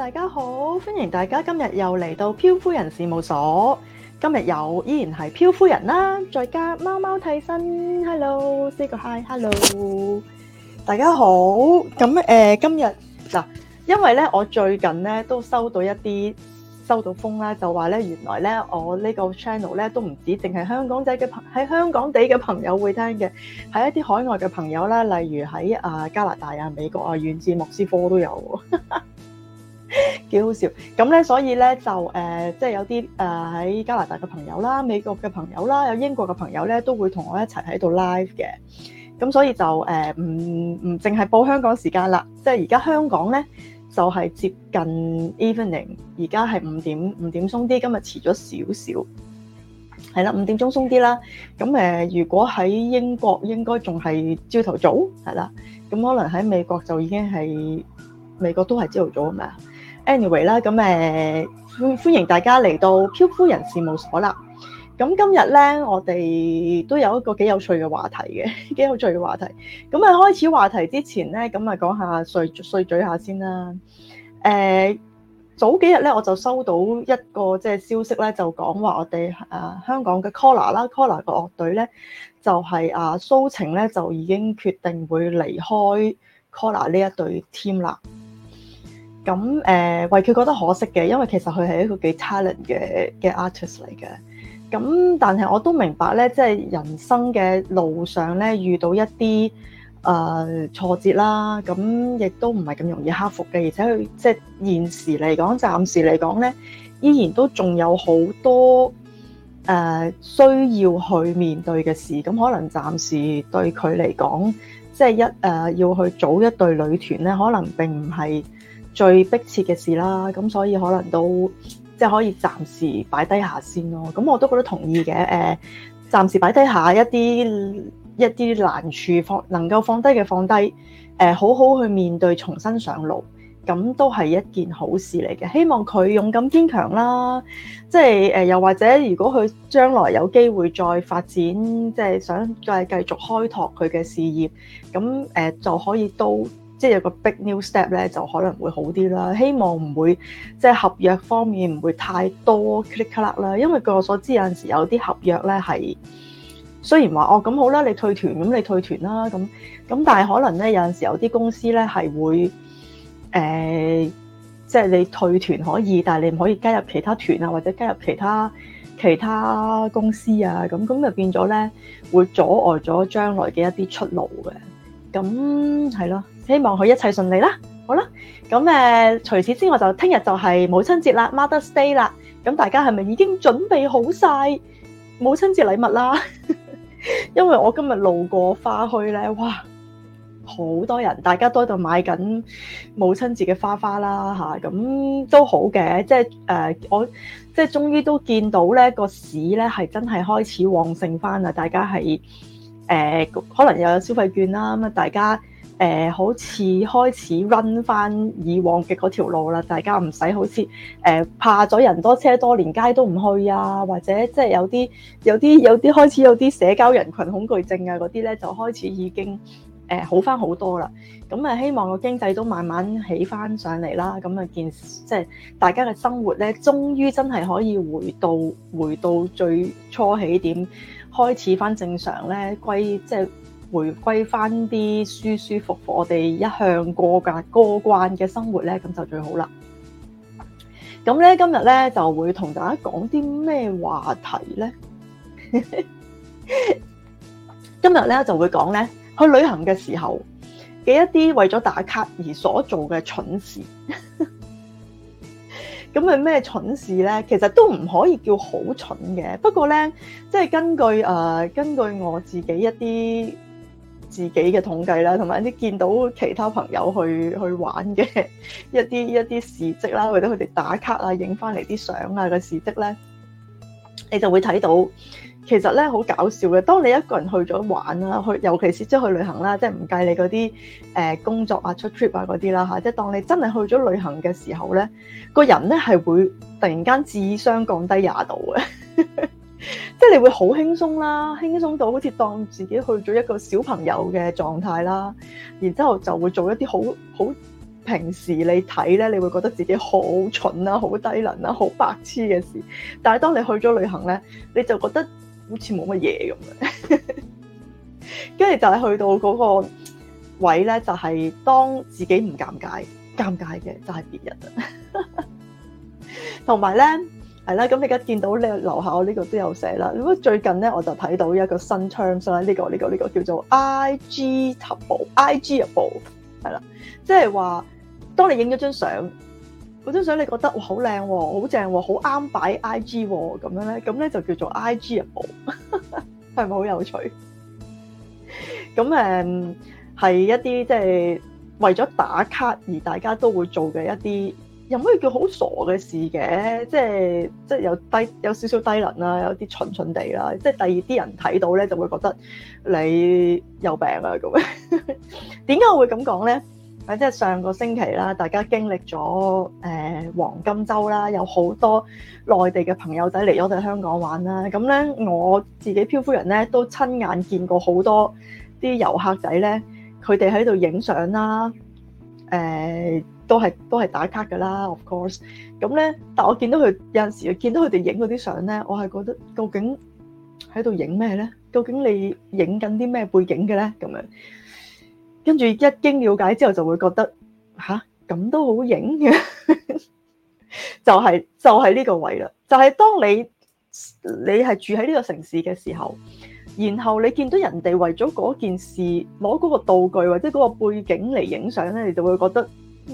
大家好，歡迎大家今日又嚟到漂夫人事務所。今日又依然係漂夫人啦，再加貓貓替身，hello，say 個 hi，hello，大家好。咁誒、呃，今日嗱，因為咧，我最近咧都收到一啲收到風啦，就話咧，原來咧我這個頻道呢個 channel 咧都唔止淨係香港仔嘅朋喺香港地嘅朋友會聽嘅，係一啲海外嘅朋友啦，例如喺啊加拿大啊、美國啊，遠至莫斯科都有。 幾好笑咁咧，所以咧就誒、呃，即係有啲誒喺加拿大嘅朋友啦、美國嘅朋友啦，有英國嘅朋友咧，都會同我一齊喺度 live 嘅。咁所以就誒，唔唔淨係報香港時間啦，即係而家香港咧就係、是、接近 evening，而家係五點五點鬆啲，今日遲咗少少係啦，五點鐘鬆啲啦。咁誒，如果喺英國應該仲係朝頭早係啦，咁可能喺美國就已經係美國都係朝頭早係咪啊？Anyway 啦，咁誒歡迎大家嚟到漂夫人事務所啦。咁今日咧，我哋都有一個幾有趣嘅話題嘅，幾有趣嘅話題。咁喺開始話題之前咧，咁啊講下碎碎嘴下先啦。誒、呃，早幾日咧，我就收到一個即係消息咧，就講話我哋啊、呃、香港嘅 Kola 啦 Kola 個樂隊咧就係、是、啊蘇晴咧就已經決定會離開 Kola 呢一隊 team 啦。咁誒，為佢覺得可惜嘅，因為其實佢係一個幾 talent 嘅嘅 artist 嚟嘅。咁，但係我都明白咧，即係人生嘅路上咧，遇到一啲啊挫折啦，咁亦都唔係咁容易克服嘅。而且佢即係現時嚟講，暫時嚟講咧，依然都仲有好多誒需要去面對嘅事。咁可能暫時對佢嚟講，即係一誒要去組一隊女團咧，可能並唔係最迫切嘅事啦，咁所以可能都即係可以暫時擺低下先咯、哦。咁我都覺得同意嘅。誒、呃、暫時擺低下一啲一啲難處放能夠放低嘅放低。誒、呃、好好去面對重新上路，咁都係一件好事嚟嘅。希望佢勇敢堅強啦。即係誒又或者如果佢將來有機會再發展，即、就、係、是、想再繼續開拓佢嘅事業，咁誒、呃、就可以都。即係有個 big new step 咧，就可能會好啲啦。希望唔會即係合約方面唔會太多 click click 啦。因為據我所知有陣時有啲合約咧係雖然話哦咁好啦，你退團咁你退團啦。咁咁但係可能咧有陣時有啲公司咧係會誒，即係你退團可以，但係你唔可以加入其他團啊，或者加入其他其他公司啊。咁咁就變咗咧會阻礙咗將來嘅一啲出路嘅。咁係咯。希望佢一切順利啦，好啦，咁除此之外就聽日就係母親節啦，Mother's Day 啦，咁大家係咪已經準備好晒母親節禮物啦？ 因為我今日路過花墟咧，哇，好多人，大家都喺度買緊母親節嘅花花啦，咁、啊、都好嘅，即係、呃、我即係終於都見到咧個市咧係真係開始旺盛返啦，大家係、呃、可能又有消費券啦，咁啊大家。誒、呃、好似開始 run 翻以往嘅嗰條路啦，大家唔使好似誒、呃、怕咗人多車多，連街都唔去啊，或者即係有啲有啲有啲開始有啲社交人群恐懼症啊嗰啲咧，就開始已經誒、呃、好翻好多啦。咁啊，希望個經濟都慢慢起翻上嚟啦。咁啊，件事，即係大家嘅生活咧，終於真係可以回到回到最初起點，開始翻正常咧，歸即係，就是回歸翻啲舒舒服服，我哋一向過噶過慣嘅生活咧，咁就最好啦。咁咧今日咧就會同大家講啲咩話題咧？ 今日咧就會講咧去旅行嘅時候嘅一啲為咗打卡而所做嘅蠢事。咁係咩蠢事咧？其實都唔可以叫好蠢嘅。不過咧，即係根據誒、呃、根據我自己一啲。自己嘅統計啦，同埋一啲見到其他朋友去去玩嘅一啲一啲事蹟啦，或者佢哋打卡啊、影翻嚟啲相啊嘅事蹟咧，你就會睇到其實咧好搞笑嘅。當你一個人去咗玩啊，去尤其是即係去旅行啦，即係唔計你嗰啲誒工作啊、出 trip 啊嗰啲啦嚇，即係當你真係去咗旅行嘅時候咧，個人咧係會突然間智商降低廿度嘅。 即係你會好輕鬆啦，輕鬆到好似當自己去咗一個小朋友嘅狀態啦，然之後就會做一啲好好平時你睇咧，你會覺得自己好蠢啦、好低能啦、好白痴嘅事。但係當你去咗旅行咧，你就覺得好似冇乜嘢咁樣，跟 住就係去到嗰個位咧，就係、是、當自己唔尷尬，尷尬嘅就係別人，同埋咧。係啦，咁你而家見到咧，樓下我呢個都有寫啦。如果最近咧，我就睇到一個新 terms 啦，呢、呢個呢、呢個呢、呢個叫做 IGable、IGable，係啦，即係話，當你影咗張相，嗰張相你覺得好靚喎，好正喎，好啱擺 I G 喎，咁樣咧，咁咧就叫做 IGable，係咪好有趣？咁誒，係一啲即係為咗打卡而大家都會做嘅一啲。又可以叫好傻嘅事嘅，即係即係有低有少少低能啦，有啲蠢蠢地啦，即係第二啲人睇到咧就會覺得你有病啊咁。點解 我會咁講咧？即係上個星期啦，大家經歷咗誒、呃、黃金週啦，有好多內地嘅朋友仔嚟咗我哋香港玩啦。咁咧我自己漂夫人咧都親眼見過好多啲遊客仔咧，佢哋喺度影相啦，誒、呃。都係都係打卡㗎啦，of course。咁咧，但我見到佢有陣時，見到佢哋影嗰啲相咧，我係覺得究竟喺度影咩咧？究竟你影緊啲咩背景嘅咧？咁樣跟住一經了解之後，就會覺得吓，咁都好影嘅，就係就係呢個位啦。就係當你你係住喺呢個城市嘅時候，然後你見到人哋為咗嗰件事攞嗰個道具或者嗰個背景嚟影相咧，你就會覺得。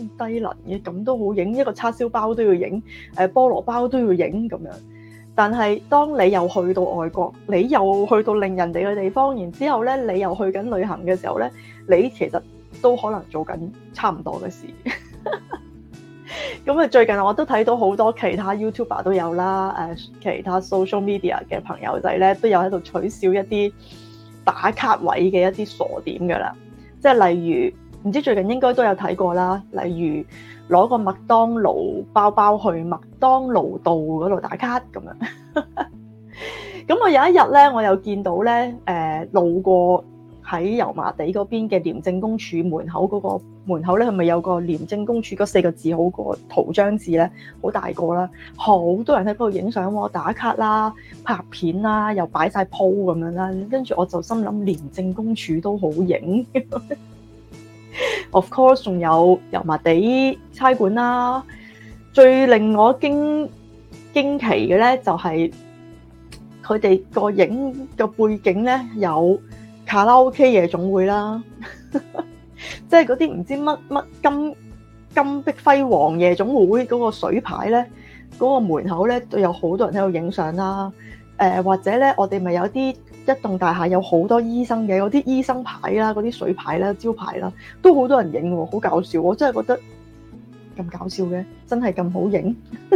低能嘅，咁都好影一個叉燒包都要影，誒菠蘿包都要影咁樣。但係當你又去到外國，你又去到令人哋嘅地方，然之後咧你又去緊旅行嘅時候咧，你其實都可能做緊差唔多嘅事。咁 啊最近我都睇到好多其他 YouTuber 都有啦，誒其他 Social Media 嘅朋友仔咧都有喺度取笑一啲打卡位嘅一啲傻點噶啦，即係例如。唔知最近應該都有睇過啦，例如攞個麥當勞包包去麥當勞道嗰度打卡咁樣。咁 我有一日咧，我又見到咧，誒、呃、路過喺油麻地嗰邊嘅廉政公署門口嗰個門口咧，係咪有個廉政公署嗰四個字好個圖章字咧，好大個啦，好多人喺嗰度影相、打卡啦、拍片啦，又擺晒 po 咁樣啦。跟住我就心諗廉政公署都好影。 Of course，仲有油麻地差館啦。最令我驚驚奇嘅咧，就係佢哋個影嘅背景咧，有卡拉 OK 夜總會啦，即係嗰啲唔知乜乜金金碧輝煌夜總會嗰個水牌咧，嗰個門口咧都有好多人喺度影相啦。誒、呃、或者咧，我哋咪有啲一棟大廈有好多醫生嘅嗰啲醫生牌啦、嗰啲水牌啦、招牌啦，都好多人影喎，好搞笑！我真係覺得咁搞笑嘅，真係咁好影。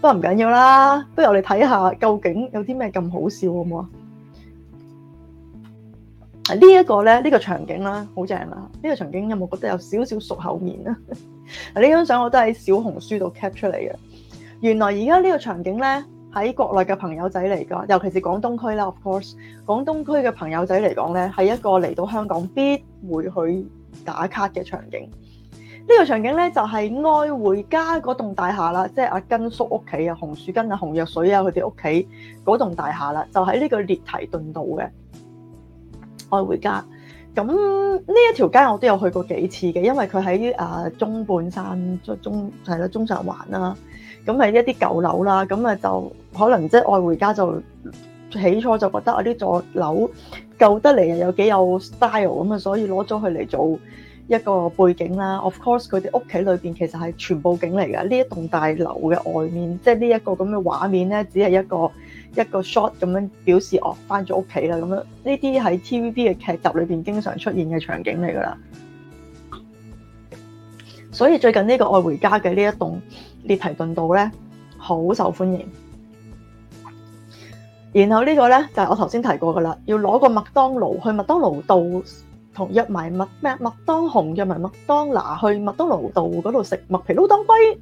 不過唔緊要啦，不如我哋睇下究竟有啲咩咁好笑好唔好啊？這個、呢一個咧，呢、這個場景啦，好正啦！呢、這個場景有冇覺得有少少熟口面啊？嗱，呢張相我都喺小紅書度 cap 出嚟嘅。原來而家呢個場景咧～喺國內嘅朋友仔嚟噶，尤其是廣東區啦。Of course，廣東區嘅朋友仔嚟講咧，係一個嚟到香港必會去打卡嘅場景。呢、這個場景咧就係、是、愛回家嗰棟大廈啦，即係阿根叔屋企啊、紅樹根啊、紅藥水啊佢哋屋企嗰棟大廈啦，就喺呢個列提敦道嘅愛回家。咁呢一條街我都有去過幾次嘅，因為佢喺於中半山中中係啦中上環啦。咁係一啲舊樓啦，咁啊就可能即係《愛回家》就起初就覺得啊呢座樓舊得嚟又有幾有 style 咁啊，所以攞咗佢嚟做一個背景啦。Of course，佢哋屋企裏面其實係全部景嚟㗎。呢一棟大樓嘅外面即係、就是、呢一個咁嘅畫面咧，只係一個一個 shot 咁樣表示哦，翻咗屋企啦。咁樣呢啲喺 TVB 嘅劇集裏面經常出現嘅場景嚟噶啦。所以最近呢個《愛回家》嘅呢一棟。列提敦道咧好受歡迎，然後這個呢個咧就係、是、我頭先提過噶啦，要攞個麥當勞去麥當勞道同約埋麥咩麥當紅約埋麥當拿去麥當勞道嗰度食麥皮撈當歸，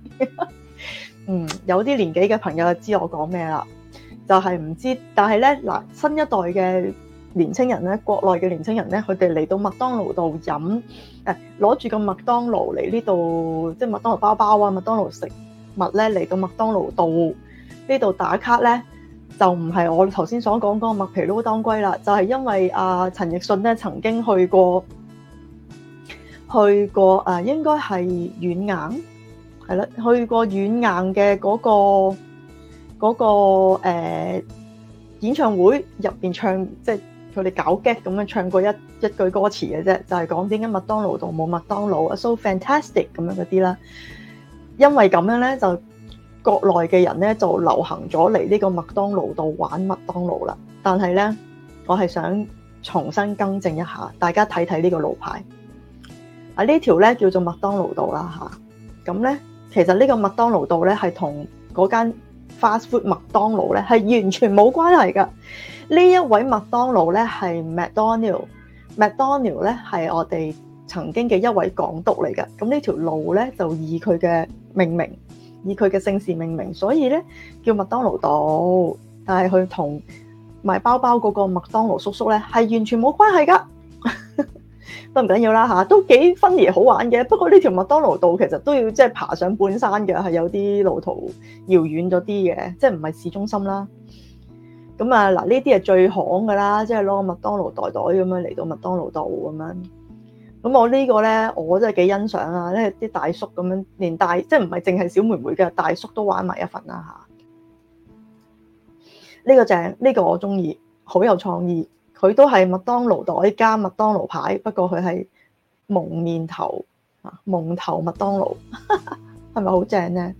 嗯，有啲年紀嘅朋友就知我講咩啦，就係、是、唔知，但係咧嗱新一代嘅。年青人咧，國內嘅年青人咧，佢哋嚟到麥當勞道飲，誒攞住個麥當勞嚟呢度，即係麥當勞包包啊、麥當勞食物咧，嚟到麥當勞道呢度打卡咧，就唔係我頭先所講嗰個麥皮撈當歸啦，就係因為阿陳奕迅咧曾經去過，去過誒應該係軟硬，係啦，去過軟硬嘅嗰個嗰個誒演唱會入邊唱，即係。佢哋搞 gag 咁樣唱過一一句歌詞嘅啫，就係講點解麥當勞度冇麥當勞啊，so fantastic 咁樣嗰啲啦。因為咁樣咧，就國內嘅人咧就流行咗嚟呢個麥當勞度玩麥當勞啦。但係咧，我係想重新更正一下，大家睇睇呢個路牌。這條啊，這呢條咧叫做麥當勞道啦嚇。咁咧，其實這個麥呢個麥當勞道咧係同嗰間。fast food 麥當勞咧係完全冇關係噶，呢一位麥當勞咧係 McDonnell，McDonnell 咧係我哋曾經嘅一位港督嚟嘅，咁呢條路咧就以佢嘅命名，以佢嘅姓氏命名，所以咧叫麥當勞道，但係佢同賣包包嗰個麥當勞叔叔咧係完全冇關係噶。都唔緊要啦嚇，都幾分而好玩嘅。不過呢條麥當勞道其實都要即係爬上半山嘅，係有啲路途遙遠咗啲嘅，即係唔係市中心啦。咁啊嗱，呢啲係最行㗎啦，即係攞麥當勞袋袋咁樣嚟到麥當勞道咁樣。咁我呢個咧，我真係幾欣賞啊！呢啲大叔咁樣，連帶即係唔係淨係小妹妹嘅大叔都玩埋一份啦嚇。呢、呢個正，呢、呢個我中意，好有創意。佢都係麥當勞袋加麥當勞牌，不過佢係蒙面頭嚇，蒙頭麥當勞，係咪好正咧？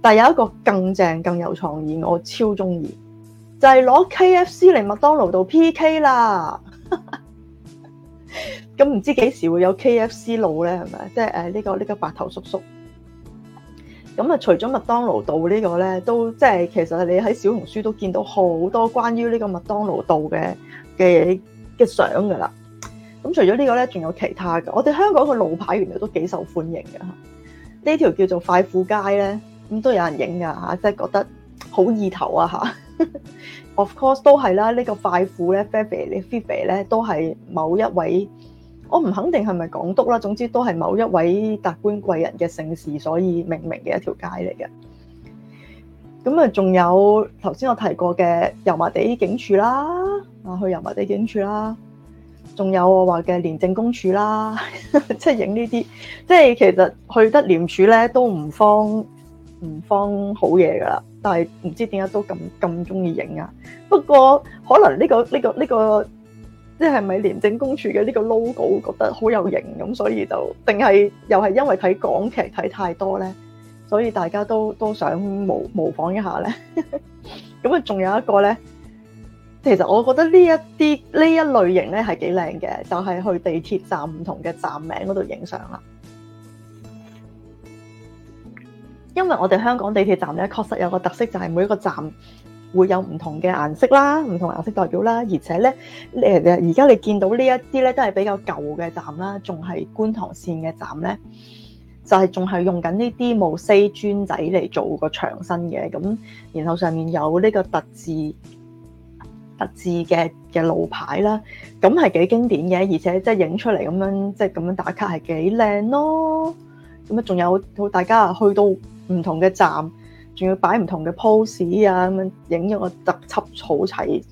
但係有一個更正、更有創意，我超中意，就係、是、攞 K F C 嚟麥當勞道 P K 啦。咁唔知幾時會有 K F C 佬咧？係咪？即係誒呢個呢、呢個白頭叔叔。咁啊，除咗麥當勞道呢個咧，都即係其實你喺小紅書都見到好多關於呢個麥當勞道嘅嘅嘅相噶啦。咁除咗呢個咧，仲有其他噶。我哋香港嘅路牌原來都幾受歡迎嘅嚇。呢條叫做快富街咧，咁都有人影噶嚇，即係覺得好意頭啊嚇。 Of course 都係啦，呢個快富咧，Fifi 咧，Fifi 咧都係某一位。我唔肯定係咪港督啦，總之都係某一位達官貴人嘅姓氏，所以命名嘅一條街嚟嘅。咁啊，仲有頭先我提過嘅油麻地警署啦，啊去油麻地警署啦，仲有我話嘅廉政公署啦，即係影呢啲，即係其實去得廉署咧都唔慌唔慌好嘢噶啦，但係唔知點解都咁咁中意影啊。不過可能呢個呢個呢個。這個這個即係咪廉政公署嘅呢個 logo 覺得好有型咁，所以就定係又係因為睇港劇睇太多咧，所以大家都都想模模仿一下咧。咁啊，仲有一個咧，其實我覺得呢一啲呢一類型咧係幾靚嘅，就係去地鐵站唔同嘅站名嗰度影相啦。因為我哋香港地鐵站咧，確實有個特色就係每一個站。會有唔同嘅顏色啦，唔同顏色代表啦，而且咧誒，而家你見到呢一啲咧都係比較舊嘅站啦，仲係觀塘線嘅站咧，就係仲係用緊呢啲毛西磚仔嚟做個牆身嘅，咁然後上面有呢個特字特字嘅嘅路牌啦，咁係幾經典嘅，而且即係影出嚟咁樣即係咁樣打卡係幾靚咯，咁啊仲有大家去到唔同嘅站。仲要擺唔同嘅 pose 啊，咁樣影咗個特輯，儲齊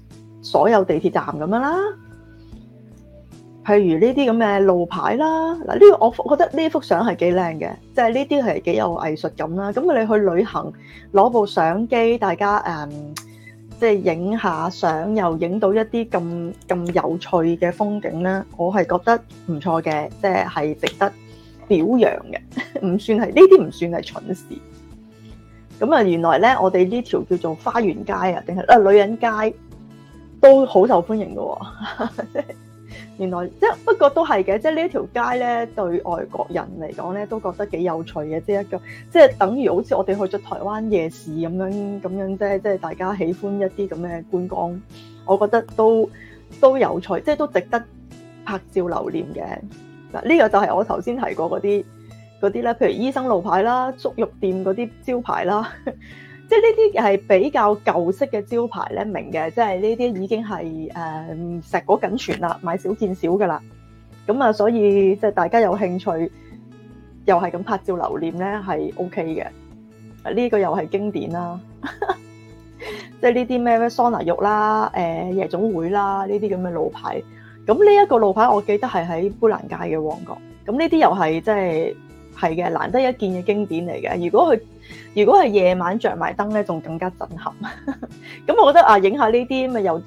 所有地鐵站咁樣啦。譬如呢啲咁嘅路牌啦，嗱，呢個我我覺得呢幅相係幾靚嘅，即係呢啲係幾有藝術感啦。咁你去旅行攞部相機，大家誒即係影下相，又影到一啲咁咁有趣嘅風景咧，我係覺得唔錯嘅，即係係值得表揚嘅，唔算係呢啲唔算係蠢事。咁啊，原來咧，我哋呢條叫做花園街啊，定係啊女人街，都好受歡迎嘅哦。原來即係，不過都係嘅，即係呢一條街咧，對外國人嚟講咧，都覺得幾有趣嘅。即呢一個即係等於好似我哋去咗台灣夜市咁樣咁樣啫，即係大家喜歡一啲咁嘅觀光，我覺得都都有趣，即係都值得拍照留念嘅。嗱，呢個就係我頭先提過嗰啲。嗰啲咧，譬如醫生路牌啦、足浴店嗰啲招牌啦， 即係呢啲係比較舊式嘅招牌咧，明嘅，即係呢啲已經係誒、嗯、石果僅存啦，買少見少噶啦。咁啊，所以即係大家有興趣又係咁拍照留念咧，係 O K 嘅。呢、這個又係經典啦， 即係呢啲咩咩桑拿浴啦、誒、呃、夜總會啦，呢啲咁嘅路牌。咁呢一個路牌，我記得係喺砵蘭街嘅旺角。咁呢啲又係即係。係嘅，難得一見嘅經典嚟嘅。如果佢如果係夜晚着埋燈咧，仲更加震撼。咁 我覺得啊，影下呢啲咪又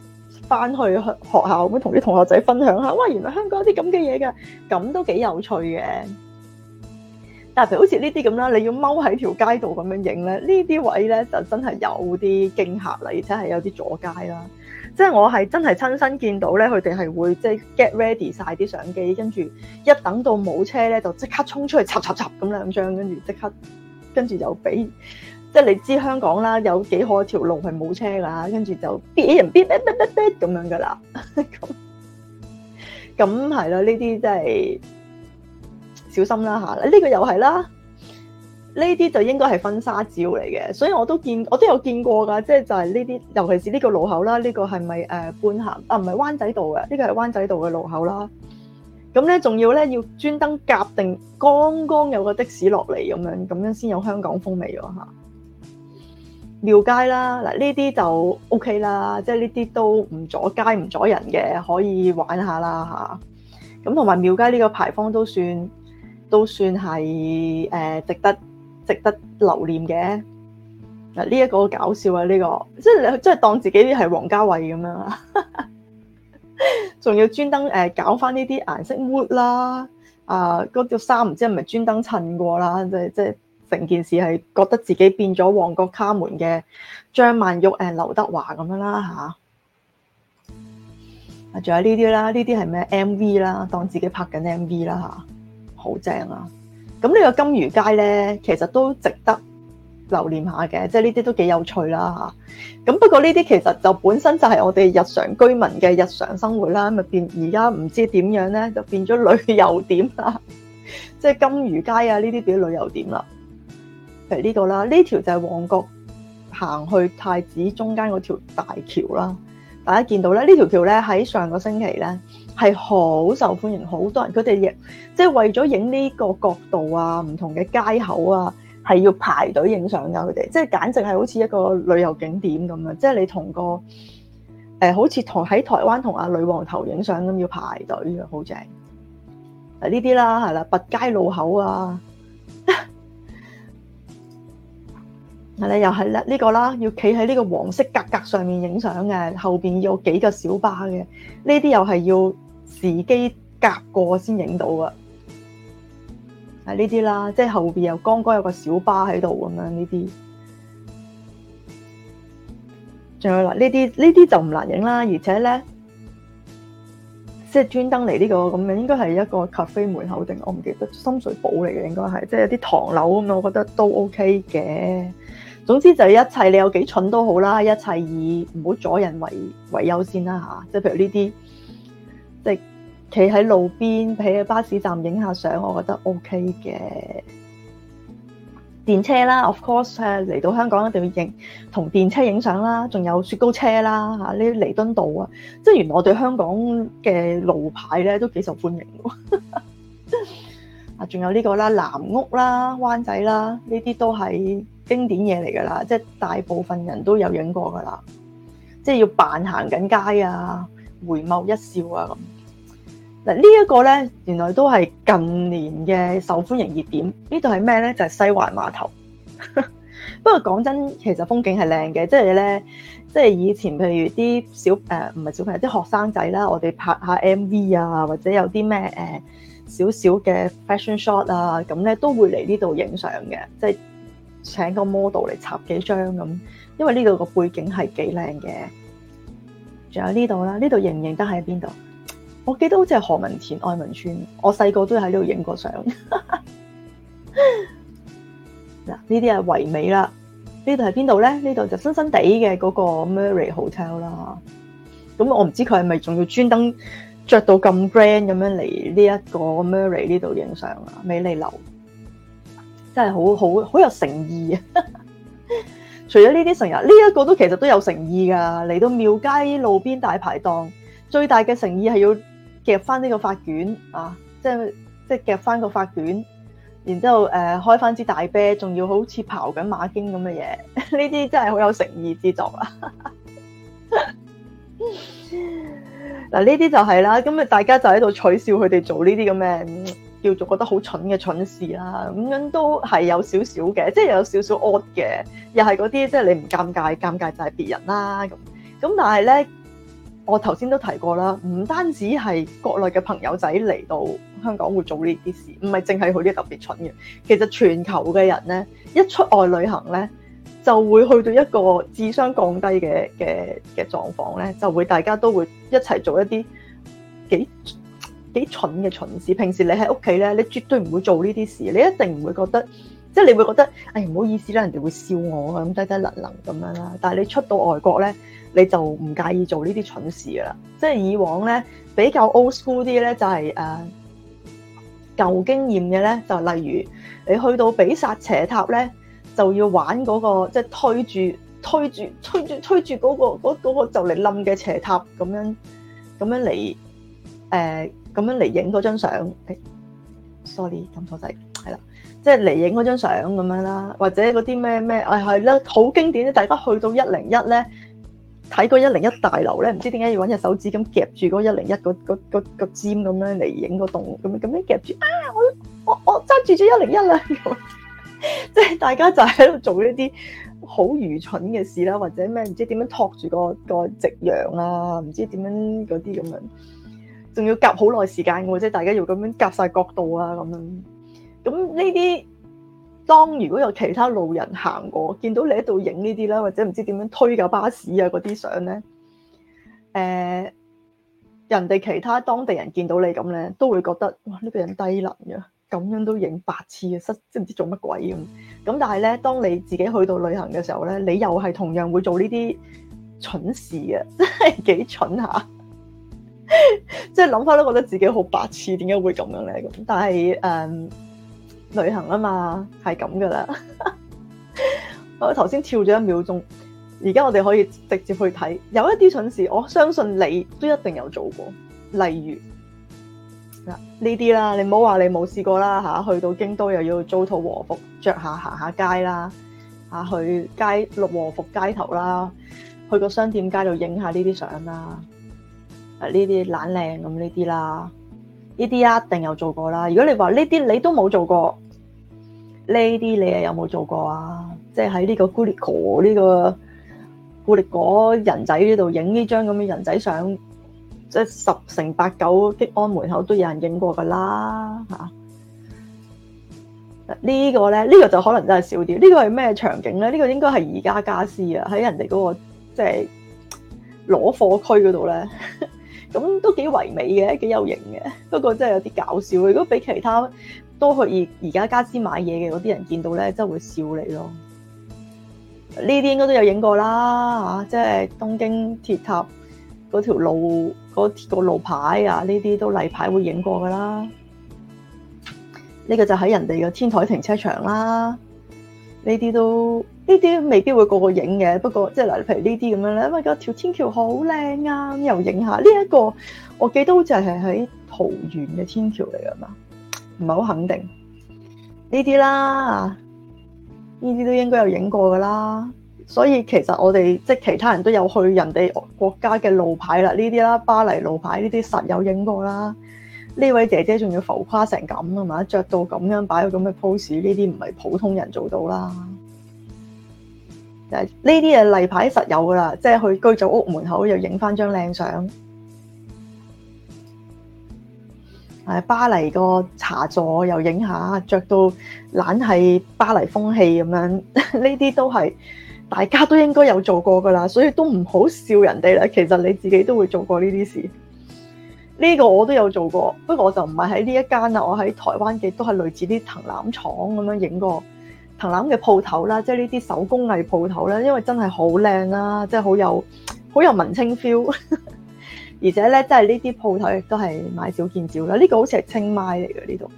翻去學校咁同啲同學仔分享下。哇！原來香港有啲咁嘅嘢㗎，咁都幾有趣嘅。但係譬如好似呢啲咁啦，你要踎喺條街度咁樣影咧，呢啲位咧就真係有啲驚嚇啦，而且係有啲阻街啦。即係我係真係親身見到咧，佢哋係會即係 get ready 晒啲相機，跟住一等到冇車咧，就即刻衝出去，插插插咁兩張，跟住即刻跟住就俾即係你知香港啦，有幾何條路係冇車噶？跟住就 biu 人 biu biu biu biu 咁樣噶啦，咁咁係咯，呢啲真係小心啦嚇，呢個又係啦。呢啲就應該係婚紗照嚟嘅，所以我都見我都有見過㗎，即係就係呢啲，尤其是呢個路口啦，那呢個係咪誒半山啊？唔係灣仔道嘅，呢個係灣仔道嘅路口啦。咁咧，仲要咧要專登夾定剛剛有個的士落嚟咁樣，咁樣先有香港風味咗嚇。廟、啊、街啦，嗱呢啲就 OK 啦，即係呢啲都唔阻街唔阻人嘅，可以玩一下啦嚇。咁同埋廟街呢個牌坊都算都算係誒、呃、值得值得留念嘅嗱，呢、呢、一個搞笑啊！呢、呢個即係即係當自己係王家衞咁樣，仲要專登誒搞翻呢啲顏色 wood 啦啊！嗰條衫唔知係咪專登襯過啦？即係即係成件事係覺得自己變咗旺角卡門嘅張曼玉誒、劉德華咁樣啦吓，啊！仲有呢啲啦，呢啲係咩 MV 啦？當自己拍緊 MV 啦吓，好正啊！咁呢個金魚街咧，其實都值得留念下嘅，即係呢啲都幾有趣啦嚇。咁不過呢啲其實就本身就係我哋日常居民嘅日常生活啦，咁啊變而家唔知點樣咧，就變咗旅遊點啦。即 係金魚街啊，呢啲變旅遊點啦。譬如呢個啦，呢條就係旺角行去太子中間嗰條大橋啦。大家見到咧，呢條橋咧喺上個星期咧。係好受歡迎，好多人佢哋亦即係為咗影呢個角度啊，唔同嘅街口啊，係要排隊影相㗎。佢哋即係簡直係好似一個旅遊景點咁樣，即係你同個誒，呃，好似台喺台灣同阿女王頭影相咁，要排隊嘅，好正。啊，呢啲啦，係啦，拔街路口啊，啊， 你又係啦，呢個啦，要企喺呢個黃色格格上面影相嘅，後邊要幾個小巴嘅，呢啲又係要。時機夾過先影到㗎！係呢啲啦，即係後邊又剛剛有個小巴喺度咁樣呢啲，仲有啦，呢啲呢啲就唔難影啦，而且咧即係專登嚟，呢個咁樣，應該係一個咖啡門口，定我唔記得深水埗嚟嘅應該係，即係有啲唐樓咁樣，我覺得都 OK 嘅。總之就係一切你有幾蠢都好啦，一切以唔好阻人為為優先啦吓，即係譬如呢啲。企喺路邊，企喺巴士站影下相，我覺得 OK 嘅電車啦。Of course，嚟到香港一定要影同電車影相啦。仲有雪糕車啦，嚇呢啲彌敦道啊，即係原來我對香港嘅路牌咧都幾受歡迎。啊，仲有呢個啦，藍屋啦，灣仔啦，呢啲都係經典嘢嚟㗎啦。即係大部分人都有影過㗎啦。即係要扮行緊街啊，回眸一笑啊，咁。嗱呢一個咧，原來都係近年嘅受歡迎熱點。呢度係咩咧？就係西環碼頭。 不過講真，其實風景係靚嘅，即係咧，即係以前譬如啲小誒唔係小朋友，啲學生仔啦，我哋拍下 MV 啊，或者有啲咩誒少少嘅 fashion shot 啊，咁咧都會嚟呢度影相嘅，即係請個 model 嚟插幾張咁，因為呢度個背景係幾靚嘅。仲有呢度啦，呢度認唔認得喺邊度？我記得好似係何文田愛文村，我細個都喺呢度影過相。嗱，呢啲係唯美啦。呢度係邊度咧？呢度就新新地嘅嗰個 Murray Hotel 啦。咁我唔知佢係咪仲要專登着到咁 grand 咁樣嚟呢一個 Murray 呢度影相啊？美利樓真係好好好有誠意啊！除咗呢啲成日，呢一個都其實都有誠意噶。嚟到廟街路邊大排檔，最大嘅誠意係要。夾翻呢個髮捲啊，即係即係夾翻個髮捲，然之後誒、呃、開翻支大啤，仲要好似刨緊馬經咁嘅嘢，呢啲真係好有誠意之作啦。嗱呢啲就係、是、啦，咁啊大家就喺度取笑佢哋做呢啲咁嘅叫做覺得好蠢嘅蠢事啦，咁樣都係有少少嘅，即係有少少 odd 嘅，又係嗰啲即係你唔尷尬，尷尬就係別人啦咁，咁但係咧。我頭先都提過啦，唔單止係國內嘅朋友仔嚟到香港會做呢啲事，唔係淨係佢啲特別蠢嘅。其實全球嘅人咧，一出外旅行咧，就會去到一個智商降低嘅嘅嘅狀況咧，就會大家都會一齊做一啲幾幾蠢嘅蠢事。平時你喺屋企咧，你絕對唔會做呢啲事，你一定唔會覺得，即係你會覺得，哎唔好意思啦，人哋會笑我咁低低能能咁樣啦。但係你出到外國咧。你就唔介意做呢啲蠢事噶啦，即係以往咧比較 old school 啲咧、就係，就係誒舊經驗嘅咧，就例如你去到比薩斜塔咧，就要玩嗰、嗰個即係、就係、推住推住推住推住嗰、嗰個嗰、嗰個就嚟冧嘅斜塔咁樣咁樣嚟誒咁樣嚟影嗰張相。誒、哎，sorry，撳錯掣係啦，即係嚟影嗰張相咁樣啦，或者嗰啲咩咩誒係啦，好、哎、經典咧，大家去到一零一咧。睇過一零一大樓咧，唔知點解要揾隻手指咁夾住嗰一零一個個個尖咁樣嚟影個棟，咁樣咁樣夾住,樣樣夾住啊！我我我揸住咗一零一啦，即係大家就喺度做呢啲好愚蠢嘅事啦，或者咩唔知點樣托住、個個夕陽啊，唔知點樣嗰啲咁樣，仲要夾好耐時間喎，即係大家要咁樣夾晒角度啊咁樣，咁呢啲。這當如果有其他路人行過，見到你喺度影呢啲啦，或者唔知點樣推架巴士啊嗰啲相咧，誒、呃、人哋其他當地人見到你咁咧，都會覺得哇，呢個人低能嘅，咁樣都影白痴嘅失即唔知做乜鬼咁。咁但係咧，當你自己去到旅行嘅時候咧，你又係同樣會做呢啲蠢事嘅，真係幾蠢下。即係諗翻都覺得自己好白痴，點解會咁樣咧？咁但係誒。嗯旅行啊嘛，係咁噶啦。 我頭先跳咗一秒鐘，而家我哋可以直接去睇，有一啲蠢事，我相信你都一定有做過，例如啊呢啲啦，你唔好話你冇試過啦吓，去到京都又要租套和服，着下行下街啦，吓去街六和服街頭啦，去個商店街度影下呢啲相啦，啊呢啲懶靚咁呢啲啦，呢啲啊一定有做過啦。如果你話呢啲你都冇做過。呢啲你誒有冇做過啊？即係喺呢個固力果呢個固力果人仔呢度影呢張咁嘅人仔相，即係十成八九激安門口都有人影過噶啦吓。啊這個、呢個咧呢個就可能真係少啲。呢個係咩場景咧？呢個應該係宜家家私啊，喺人哋嗰個即係攞貨區嗰度咧，咁 都幾唯美嘅，幾有型嘅。不過真係有啲搞笑。如果俾其他都可以。而家家私買嘢嘅嗰啲人見到咧，真係會笑你咯。呢啲應該都有影過啦，嚇！即係東京鐵塔嗰條路嗰個路牌啊，呢啲都例牌會影過噶啦。呢個就喺人哋嘅天台停車場啦。呢啲都呢啲未必會個個影嘅，不過即係嗱，譬如呢啲咁樣咧，因為嗰條天橋好靚啊，咁又影下。呢一個我記得好似係喺桃園嘅天橋嚟㗎嘛。唔係好肯定呢啲啦，呢啲都應該有影過噶啦。所以其實我哋即係其他人都有去人哋國家嘅路牌啦，呢啲啦，巴黎路牌呢啲實有影過啦。呢位姐姐仲要浮誇成咁係嘛？着到咁樣擺到咁嘅 pose，呢啲唔係普通人做到啦。就係誒，呢啲誒例牌實有噶啦，即係去居酒屋門口又影翻張靚相。喺巴黎個茶座又影下，着到懶係巴黎風氣咁樣，呢啲都係大家都應該有做過噶啦，所以都唔好笑人哋啦。其實你自己都會做過呢啲事，呢、這個我都有做過，不過我就唔係喺呢一間啦，我喺台灣嘅都係類似啲藤籃廠咁樣影過藤籃嘅鋪頭啦，即係呢啲手工藝鋪頭咧，因為真係好靚啦，即係好有好有文青 feel。而且咧，真係呢啲鋪頭亦都係買少見少啦。呢個好似係清邁嚟嘅呢度。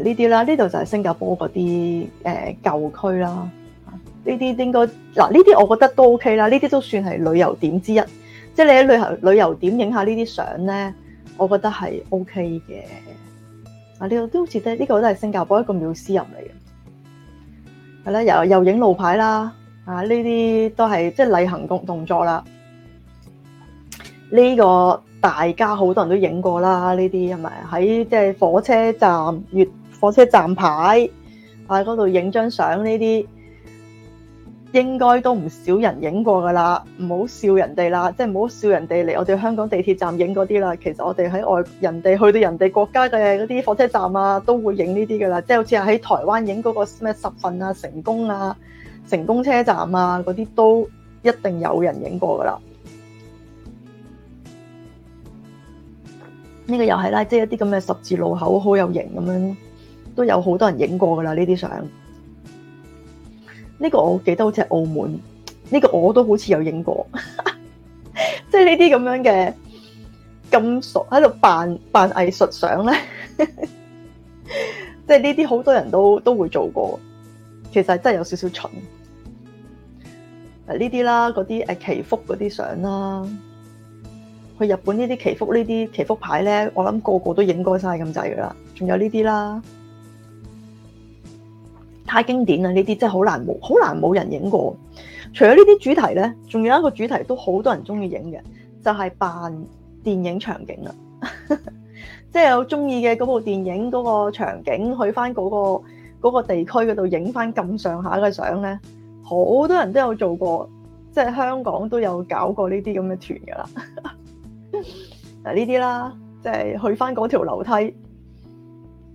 呢啲啦，呢度就係新加坡嗰啲，欸、舊區啦。呢啲應該嗱，呢、啊、啲我覺得都 OK 啦。呢啲都算係旅遊點之一，即、就、係、是、你喺旅行旅遊點影下呢啲相咧，我覺得係 OK 嘅。啊，呢度都好似呢、呢個都係新加坡一個廟思入嚟嘅。係啦，又又影路牌啦。啊！呢啲都係即係例行動動作啦。呢個大家好多人都影過啦。呢啲係咪喺即係火車站月火車站牌喺嗰度影張相？呢啲應該都唔少人影過噶啦。唔好笑人哋啦，即係唔好笑人哋嚟我哋香港地鐵站影嗰啲啦。其實我哋喺外人哋去到人哋國家嘅嗰啲火車站啊，都會影呢啲噶啦。即係好似喺台灣影嗰個咩十分啊成功啊。成功車站啊，嗰啲都一定有人影過噶啦。呢個又係啦，即係一啲咁嘅十字路口好有型咁樣，都有好多人影過噶啦呢啲相。呢個我記得好似係澳門，呢個我都好似有影過。即係呢啲咁樣嘅金屬喺度扮扮藝術相咧，即係呢啲好多人都都會做過，其實真係有少少蠢。呢啲啦，嗰啲誒祈福嗰啲相啦，去日本呢啲祈福呢啲祈福牌咧，我諗個個都影過晒咁滯噶啦。仲有呢啲啦，太經典啦！呢啲真係好難冇好難冇人影過。除咗呢啲主題咧，仲有一個主題都好多人中意影嘅，就係扮電影場景啦。即係有中意嘅嗰部電影嗰個場景，去翻嗰個嗰個地區嗰度影翻咁上下嘅相咧。好多人都有做過，即係香港都有搞過呢啲咁嘅團㗎 啦。嗱呢啲啦，即係去翻嗰條樓梯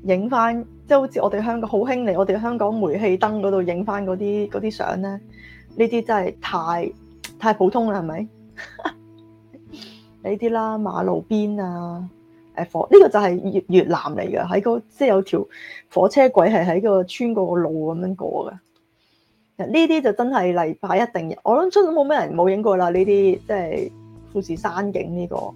影翻，即係好似我哋香港好興利，我哋香港煤氣燈嗰度影翻嗰啲嗰啲相咧。呢啲真係太太普通啦 啦，係咪？呢啲啦，馬路邊啊，誒火呢個就係越越南嚟㗎，喺個即係有條火車軌係喺個穿過個路咁樣過嘅。呢啲就真係例牌一定我諗出都冇咩人冇影過啦。呢啲即係富士山景呢、呢個，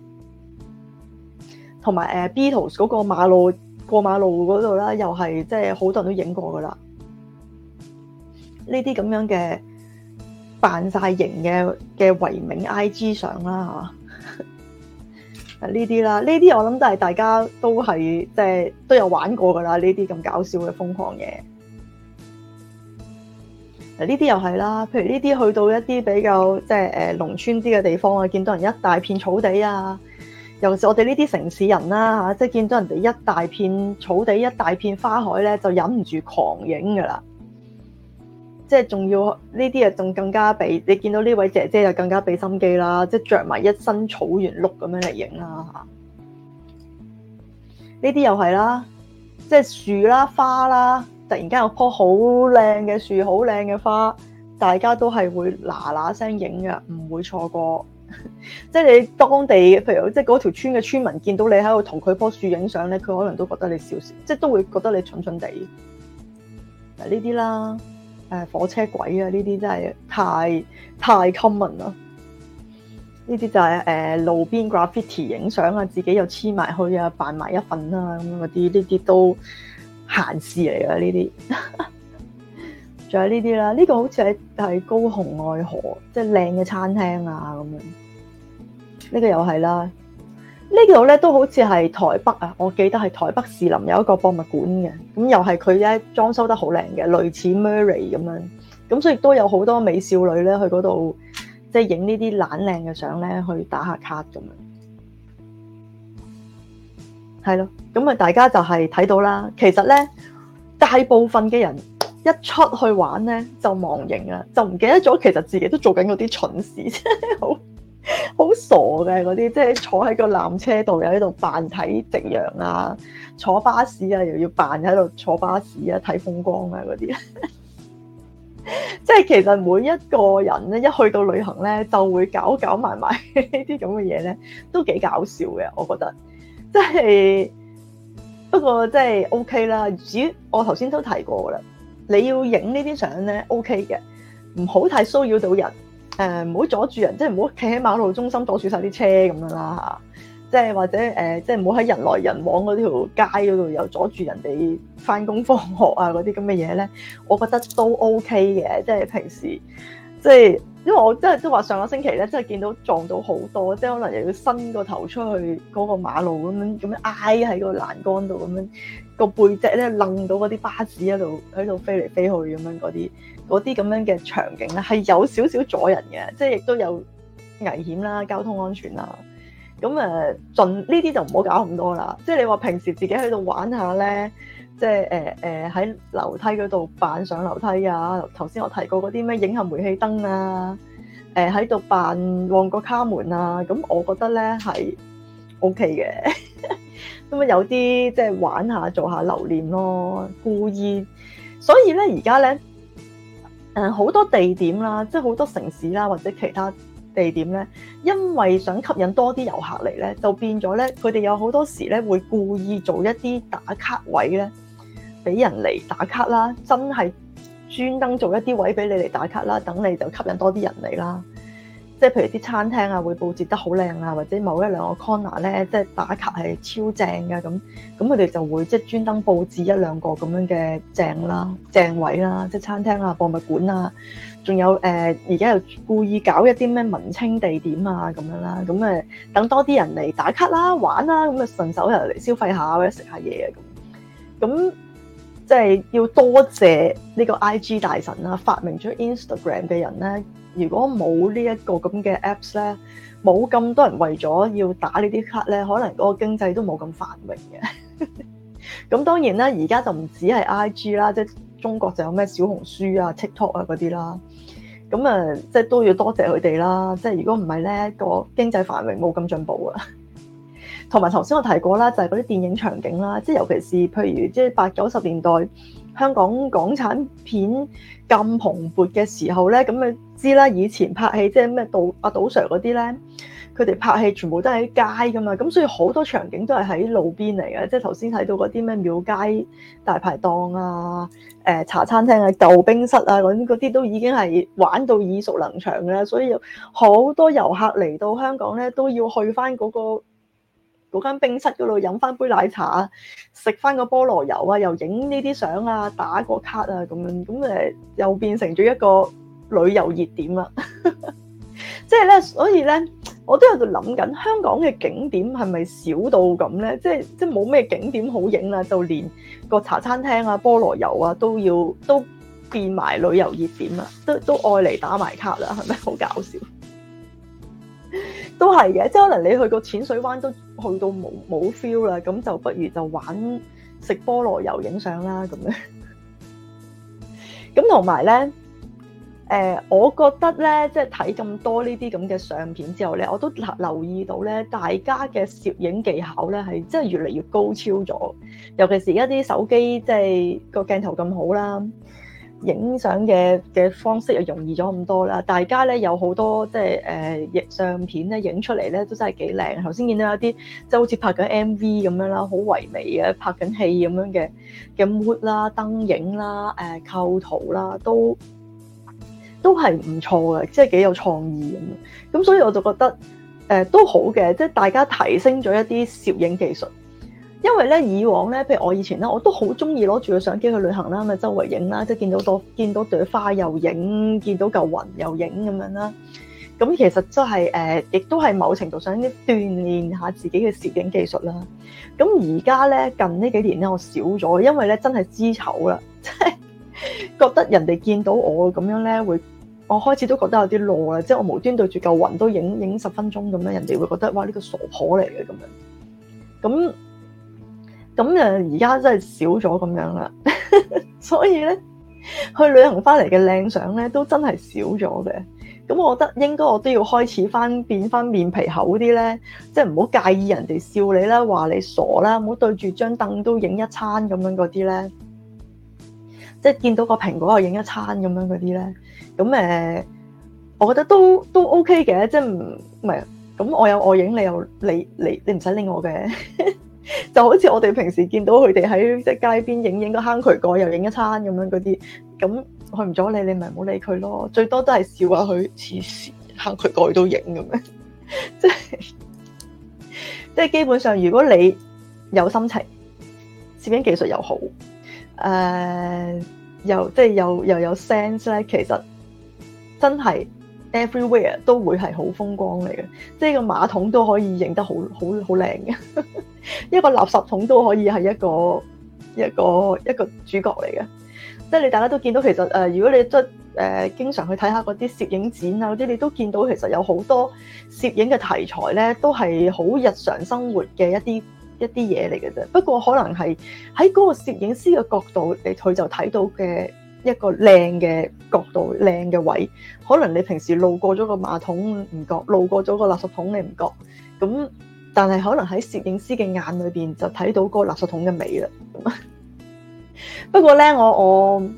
同埋誒 Beatles 嗰個馬路過馬路嗰度啦，又係即係好多人都影過噶啦。呢啲咁樣嘅扮晒型嘅嘅維名 I G 相啦嚇，呢啲啦，呢啲我諗都係大家都係即係都有玩過噶啦，呢啲咁搞笑嘅瘋狂嘢。呢啲又係啦，譬如呢啲去到一啲比較即係誒農村啲嘅地方啊，見到人一大片草地啊，尤其是我哋呢啲城市人啦、啊、嚇、啊，即係見到人哋一大片草地、一大片花海咧，就忍唔住狂影噶啦，即係仲要呢啲又仲更加俾你見到呢位姐姐就更加俾心機啦，即係着埋一身草原綠咁樣嚟影啦嚇，呢啲又係啦，即係樹啦、花啦、啊。突然間有棵好靚嘅樹，好靚嘅花，大家都係會嗱嗱聲影嘅，唔會錯過。 即係你當地，譬如即係嗰條村嘅村民見到你喺度同佢棵樹影相咧，佢可能都覺得你笑，即係都會覺得你蠢蠢地。誒，呢啲啦，誒、啊，火車軌啊，呢啲真係太太 common 啦。呢啲就係、是、誒、啊、路邊 graffiti 影相啊，自己又黐埋去啊，扮埋一份啦咁嗰啲，呢啲都。閒事嚟噶，呢啲，仲 有呢啲啦，呢個好似喺喺高雄愛河，即係靚嘅餐廳啊咁樣，呢個又係啦，呢度咧都好似係台北啊，我記得係台北士林有一個博物館嘅，咁又係佢咧裝修得好靚嘅，類似 Murray 咁樣，咁所以都有好多美少女咧去嗰度即係影呢啲懶靚嘅相咧，去打下卡咁樣。係咯，咁啊，大家就係睇到啦。其實咧，大部分嘅人一出去玩咧，就忘形啊，就唔記得咗其實自己都做緊嗰啲蠢事，真係好好傻嘅嗰啲，即係坐喺個纜車度又喺度扮睇夕陽啊，坐巴士啊又要扮喺度坐巴士啊睇風光啊嗰啲。 即係其實每一個人咧一去到旅行咧，就會搞搞埋埋呢啲咁嘅嘢咧，都幾搞笑嘅，我覺得。即係不過，即係 O K 啦。至於我頭先都提過啦，你要影呢啲相咧 O K 嘅，唔好太騷擾到人。誒、呃，唔好阻住人，即係唔好企喺馬路中心阻住晒啲車咁樣啦。嚇、啊，即係或者誒、呃，即係唔好喺人來人往嗰條街嗰度又阻住人哋翻工放學啊嗰啲咁嘅嘢咧，我覺得都 O K 嘅。即係平時。即係，因為我真係都話上個星期咧，真係見到撞到好多，即係可能又要伸個頭出去嗰個馬路咁樣，咁樣挨喺個欄杆度咁樣，個背脊咧楞到嗰啲巴士喺度喺度飛嚟飛去咁樣嗰啲，嗰啲咁樣嘅場景咧係有少少阻人嘅，即係亦都有危險啦，交通安全啦，咁誒盡呢啲就唔好搞咁多啦。即係你話平時自己喺度玩下咧。即係誒誒喺樓梯嗰度扮上樓梯啊！頭先我提過嗰啲咩影下煤氣燈啊，誒喺度扮旺角卡門啊，咁我覺得咧係 OK 嘅，咁 啊有啲即係玩下做下留念咯，故意。所以咧而家咧誒好多地點啦，即係好多城市啦或者其他地點咧，因為想吸引多啲遊客嚟咧，就變咗咧佢哋有好多時咧會故意做一啲打卡位咧。俾人嚟打卡啦，真係專登做一啲位俾你嚟打卡啦，等你就吸引多啲人嚟啦。即係譬如啲餐廳啊，會佈置得好靚啊，或者某一兩個 corner 咧，即係打卡係超正嘅咁，咁佢哋就會即係專登佈置一兩個咁樣嘅正啦、正位啦，即係餐廳啊、博物館啊，仲有誒而家又故意搞一啲咩文青地點啊咁樣啦，咁誒等多啲人嚟打卡啦、玩啦，咁啊順手又嚟消費下或者食下嘢啊咁，咁。即係要多謝呢個 I G 大神啦，發明咗 Instagram 嘅人咧，如果冇呢一個咁嘅 Apps 咧，冇咁多人為咗要打呢啲卡咧，可能嗰個經濟都冇咁繁榮嘅。咁 當然現在不只是 IG 啦，而家就唔止係 I G 啦，即係中國就有咩小紅書啊、TikTok 啊嗰啲啦。咁啊，即係都要多謝佢哋啦。即係如果唔係咧，個經濟繁榮冇咁進步啊。同埋頭先我提過啦，就係嗰啲電影場景啦，即係尤其是譬如即係八九十年代香港港產片咁蓬勃嘅時候咧，咁你知啦，以前拍戲即係咩杜阿杜 Sir 嗰啲咧，佢哋拍戲全部都喺街噶嘛，咁所以好多場景都係喺路邊嚟嘅，即係頭先睇到嗰啲咩廟街大排檔啊、誒茶餐廳啊、豆冰室啊嗰啲都已經係玩到耳熟能詳嘅啦。所以好多遊客嚟到香港咧都要去翻、那、嗰個。嗰間冰室嗰度飲翻杯奶茶，食翻個菠蘿油啊，又影呢啲相啊，打個卡啊，咁樣咁誒，又變成咗一個旅遊熱點啦。即係咧，所以咧，我都喺度諗緊香港嘅景點係咪少到咁咧？即係即係冇咩景點好影啊，就連個茶餐廳啊、菠蘿油啊都要都變埋旅遊熱點啊，都都愛嚟打埋卡啦，係咪好搞笑？都係嘅，即係可能你去個淺水灣都去到冇冇 feel 啦，咁就不如就玩食菠蘿油影相啦。咁樣咁同埋咧，誒、 呃，我覺得咧，即係睇咁多呢啲咁嘅相片之後咧，我都留意到咧，大家嘅攝影技巧咧係真係越嚟越高超咗。尤其是而家啲手機即係個鏡頭咁好啦。影相嘅嘅方式又容易咗咁多啦，大家咧有好多即係誒，相片咧影出嚟咧都真係幾靚。頭先見到一啲即係好似拍緊 MV 咁樣啦，好唯美嘅拍緊戲咁樣嘅嘅 mood 啦、燈影啦、誒、呃、構圖啦，都都係唔錯嘅，即係幾有創意咁。咁所以我就覺得誒、呃、都好嘅，即係大家提升咗一啲攝影技術。因為咧，以往咧，譬如我以前咧，我都好中意攞住個相機去旅行啦，咁啊周圍影啦，即係見到朵見到朵花又影，見到嚿雲又影咁樣啦。咁其實真係誒，亦都係某程度上想鍛煉下自己嘅攝影技術啦。咁而家咧近呢幾年咧，我少咗，因為咧真係知醜啦，即係覺得人哋見到我咁樣咧，會我開始都覺得有啲懦啦，即係我無端端對住嚿雲都影影十分鐘咁樣，人哋會覺得哇呢個傻婆嚟嘅咁樣，咁。咁誒，而家真係少咗咁樣啦，所以咧，去旅行翻嚟嘅靚相咧，都真係少咗嘅。咁我覺得應該我都要開始翻變翻面皮厚啲咧，即係唔好介意人哋笑你啦，話你傻啦,唔好對住張凳都影一餐咁樣嗰啲咧，即係見到個蘋果又影一餐咁樣嗰啲咧。咁誒，我覺得都都 OK 嘅，即係唔唔係啊？咁我有我影，你又你你你唔使拎我嘅。呵呵。就好似我哋平時見到佢哋喺即係街邊影影個坑渠蓋又影一餐咁樣嗰啲，咁去唔阻你，你咪唔好理佢咯。最多都係笑下佢，似屎坑渠蓋都影咁樣，即係即係基本上，如果你有心情，攝影技術又好，誒又即係又又有 sense 咧，就是、有有 sense，其實真係。Everywhere 都會係好風光嚟嘅，即係個馬桶都可以影得好好好靚嘅， 一個垃圾桶都可以係一個一個一個主角嚟嘅。即係你大家都見到，其實誒，如果你即誒、呃、經常去睇下嗰啲攝影展啊嗰啲，你都見到其實有好多攝影嘅題材咧，都係好日常生活嘅一啲一啲嘢嚟嘅啫。不過可能係喺嗰個攝影師嘅角度你佢就睇到嘅。一個靚嘅角度、靚嘅位，可能你平時路過咗個馬桶唔覺，路過咗個垃圾桶你唔覺，咁但係可能喺攝影師嘅眼裏邊就睇到個垃圾桶嘅美啦。 不過咧，我我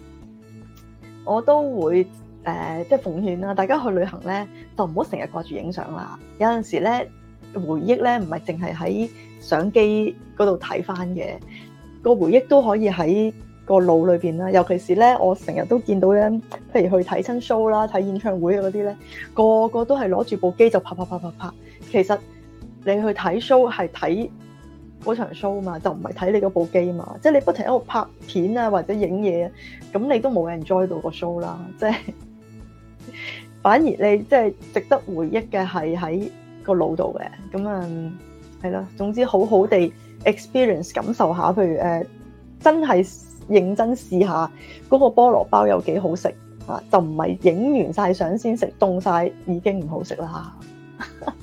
我都會誒即係奉勸啦，大家去旅行咧就唔好成日掛住影相啦。有陣時咧回憶咧唔係淨係喺相機嗰度睇翻嘅，個回憶都可以喺。個腦裏邊啦，尤其是咧，我成日都見到咧，譬如去睇親 show 啦、睇演唱會嗰啲咧，個個都係攞住部機就拍拍拍拍拍。其實你去睇 show 係睇嗰場 show 嘛，就唔係睇你嗰部機嘛。即係你不停喺度拍片啊，或者影嘢，咁你都冇 enjoy 到個 show 啦。即係反而你即係值得回憶嘅係喺個腦度嘅。咁啊，係咯，總之好好地 experience 感受下，譬如誒，真係。認真試下嗰個菠蘿包有幾好食啊！就唔係影完晒相先食，凍晒，已經唔好食 啦。了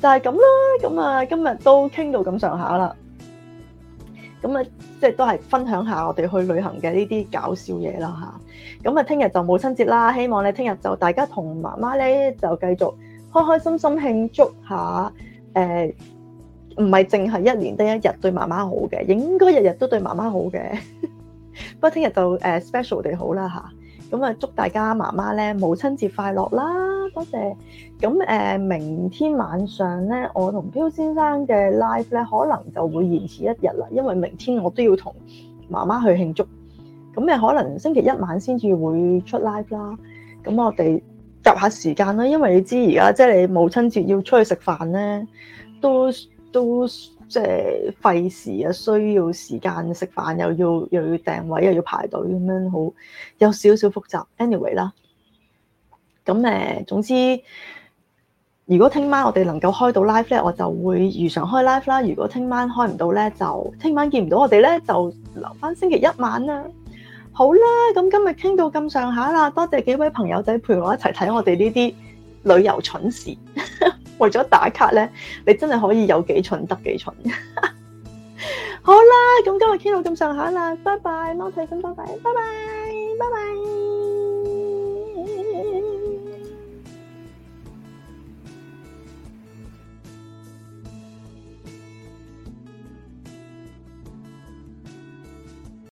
就係咁啦，咁啊，今日都傾到咁上下啦。咁啊，即係都係分享下我哋去旅行嘅呢啲搞笑嘢啦嚇。咁啊，聽日就母親節啦，希望你聽日就大家同媽媽咧就繼續開開心心慶祝下誒。欸唔係淨係一年得一日對媽媽好嘅，應該日日都對媽媽好嘅。 不過聽日就誒、uh, special 地好啦嚇，咁啊祝大家媽媽咧母親節快樂啦！多謝。咁誒，uh, 明天晚上咧，我同漂先生嘅 live 咧可能就會延遲一日啦，因為明天我都要同媽媽去慶祝。咁誒，可能星期一晚先至會出 live 啦。咁我哋夾下時間啦，因為你知而家即係你母親節要出去食飯咧，都～都即係費事啊，需要時間食飯，又要又要訂位，又要排隊咁樣好，好有少少複雜。Anyway 啦，咁誒，總之如果聽晚我哋能夠開到 live 咧，我就會如常開 live 啦。如果聽晚開唔到咧，就聽晚見唔到我哋咧，就留翻星期一晚啦。好啦，咁今日傾到咁上下啦，多謝幾位朋友仔陪我一齊睇我哋呢啲旅遊蠢事。 為咗打卡呢，你真係可以有幾蠢得幾蠢。 好啦，咁今日傾到咁上下啦，拜拜，貓提醒，拜拜，拜拜，拜拜。